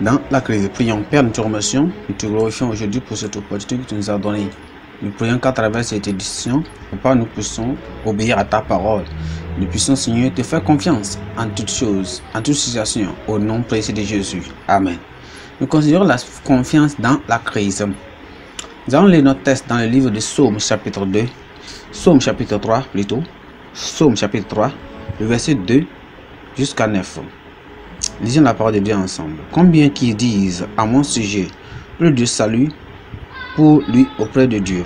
dans la crise. Prions, Père, nous te nous te glorifions aujourd'hui pour cette opportunité que tu nous as donnée. Nous prions qu'à travers cette édition, Papa, nous puissions obéir à ta parole. Nous puissions, Seigneur, te faire confiance en toutes choses, en toutes situations, au nom précieux de Jésus. Amen. Nous considérons la confiance dans la crise. Nous allons lire notre texte dans le livre de Psaume chapitre 2, Psaume chapitre 3 plutôt, Psaume chapitre 3, le verset 2 jusqu'à 9. Lisons la parole de Dieu ensemble. Combien qu'ils disent à mon sujet, le Dieu salut pour lui auprès de Dieu.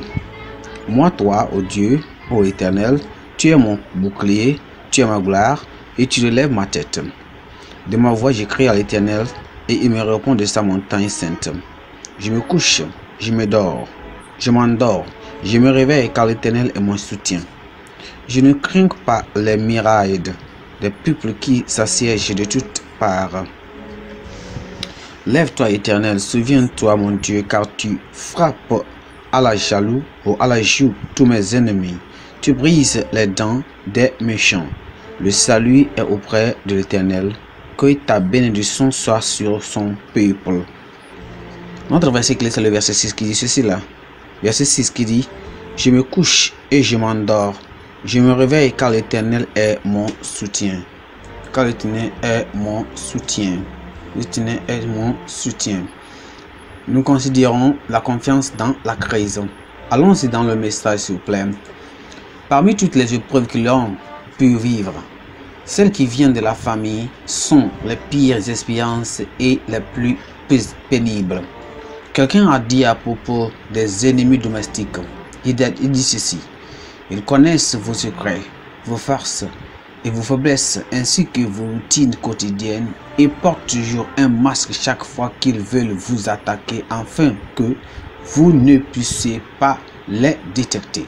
Moi, toi, ô Dieu, ô Éternel, tu es mon bouclier, tu es ma gloire, et tu lèves ma tête. De ma voix, j'écris à l'Éternel, et il me répond de sa montagne sainte. Je me couche, je me dors, je m'endors, je me réveille, car l'Éternel est mon soutien. Je ne crains pas les mirailles des peuples qui s'assiègent de toutes Lève-toi éternel, souviens-toi mon Dieu, car tu frappes à la jaloux ou à la joue tous mes ennemis. Tu brises les dents des méchants. Le salut est auprès de l'Éternel. Que ta bénédiction soit sur son peuple. Notre verset clé, c'est le verset 6 qui dit ceci là. Verset 6 qui dit Je me couche et je m'endors. Je me réveille car l'Éternel est mon soutien car l'Éternel est mon soutien. L'Éternel est mon soutien. Nous considérons la confiance dans la crise. Allons-y dans le message, s'il vous plaît. Parmi toutes les épreuves que l'homme peut vivre, celles qui viennent de la famille sont les pires expériences et les plus pénibles. Quelqu'un a dit à propos des ennemis domestiques, il dit ceci, ils connaissent vos secrets, vos forces, et vos faiblesses ainsi que vos routines quotidiennes et portent toujours un masque chaque fois qu'ils veulent vous attaquer afin que vous ne puissiez pas les détecter.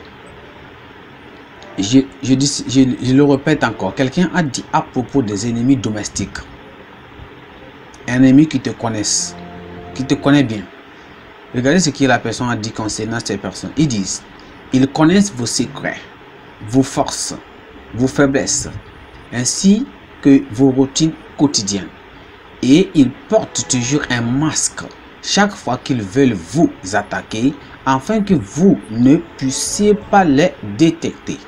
Je, dis, je, le répète encore, quelqu'un a dit à propos des ennemis domestiques, un ennemi qui te connaissent, qui te connaît bien. Regardez ce que la personne a dit concernant ces personnes. Ils disent, ils connaissent vos secrets, vos forces, vos faiblesses, ainsi que vos routines quotidiennes. Et ils portent toujours un masque chaque fois qu'ils veulent vous attaquer afin que vous ne puissiez pas les détecter.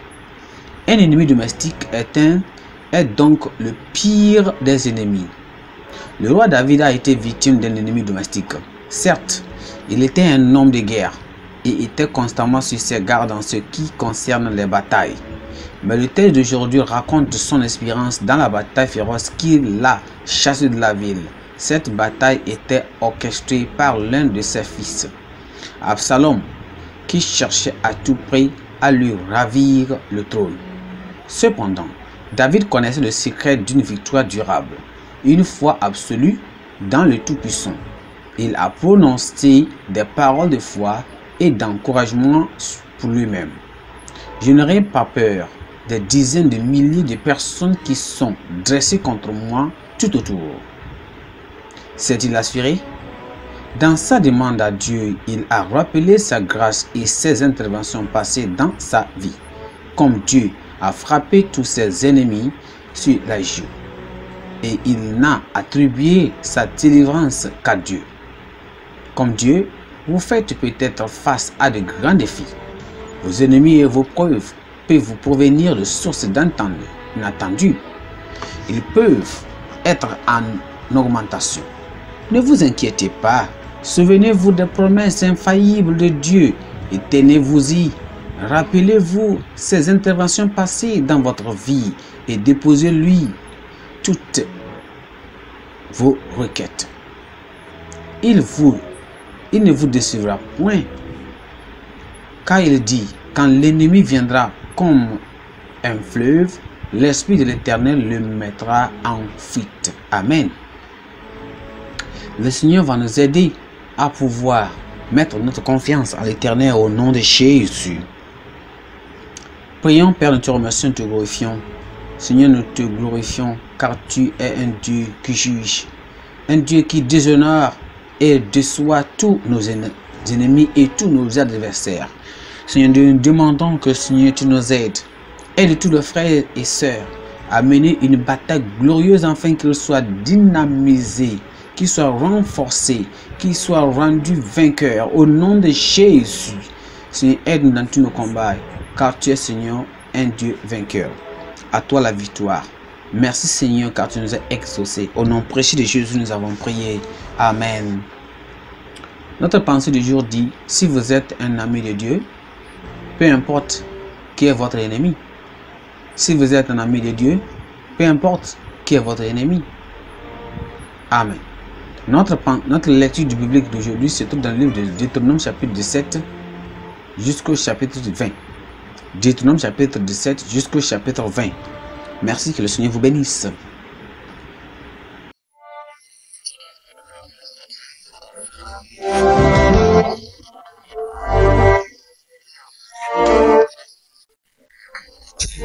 Un ennemi domestique est, un, est donc le pire des ennemis. Le roi David a été victime d'un ennemi domestique. Certes, il était un homme de guerre et était constamment sur ses gardes en ce qui concerne les batailles. Mais le texte d'aujourd'hui raconte son expérience dans la bataille féroce qui l'a chassé de la ville. Cette bataille était orchestrée par l'un de ses fils, Absalom, qui cherchait à tout prix à lui ravir le trône. Cependant, David connaissait le secret d'une victoire durable, une foi absolue dans le Tout-Puissant. Il a prononcé des paroles de foi et d'encouragement pour lui-même. Je n'aurai pas peur, des dizaines de milliers de personnes qui sont dressées contre moi tout autour. cest il assuré Dans sa demande à Dieu, il a rappelé sa grâce et ses interventions passées dans sa vie, comme Dieu a frappé tous ses ennemis sur la joue. Et il n'a attribué sa délivrance qu'à Dieu. Comme Dieu, vous faites peut-être face à de grands défis. Vos ennemis et vos preuves peut vous provenir de sources inattendues. Ils peuvent être en augmentation. Ne vous inquiétez pas. Souvenez-vous des promesses infaillibles de Dieu et tenez-vous-y. Rappelez-vous ses interventions passées dans votre vie et déposez-lui toutes vos requêtes. Il, vous, il ne vous décevra point. Car il dit, quand l'ennemi viendra comme un fleuve, l'Esprit de l'Éternel le mettra en fuite. Amen. Le Seigneur va nous aider à pouvoir mettre notre confiance à l'Éternel au nom de Jésus. Prions, Père, nous te remercions, nous te glorifions. Seigneur, nous te glorifions car tu es un Dieu qui juge, un Dieu qui déshonore et déçoit tous nos ennemis et tous nos adversaires. Seigneur, nous demandons que Seigneur, tu nous aides. Aide tous les frères et sœurs à mener une bataille glorieuse afin qu'ils soient dynamisés, qu'ils soient renforcés, qu'ils soient rendus vainqueurs. Au nom de Jésus, Seigneur, aide-nous dans tous nos combats, car tu es, Seigneur, un Dieu vainqueur. À toi la victoire. Merci Seigneur car tu nous as exaucés. Au nom précieux de Jésus, nous avons prié. Amen. Notre pensée du jour dit, si vous êtes un ami de Dieu, peu importe qui est votre ennemi. Si vous êtes un ami de Dieu, peu importe qui est votre ennemi. Amen. Notre, notre lecture du biblique d'aujourd'hui se trouve dans le livre de Deutéronome chapitre 17 jusqu'au chapitre 20. Deutéronome chapitre 17 jusqu'au chapitre 20. Merci que le Seigneur vous bénisse.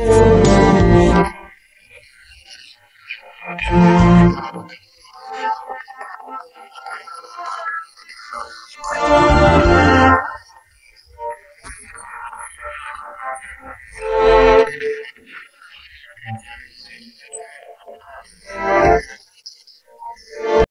Oh.